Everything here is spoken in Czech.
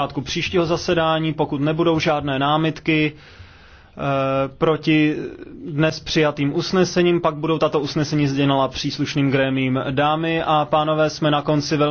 začátku příštího zasedání, pokud nebudou žádné námitky eh, proti dnes přijatým usnesením, pak budou tato usnesení sdělena příslušným grémím. Dámy a pánové, jsme na konci velmi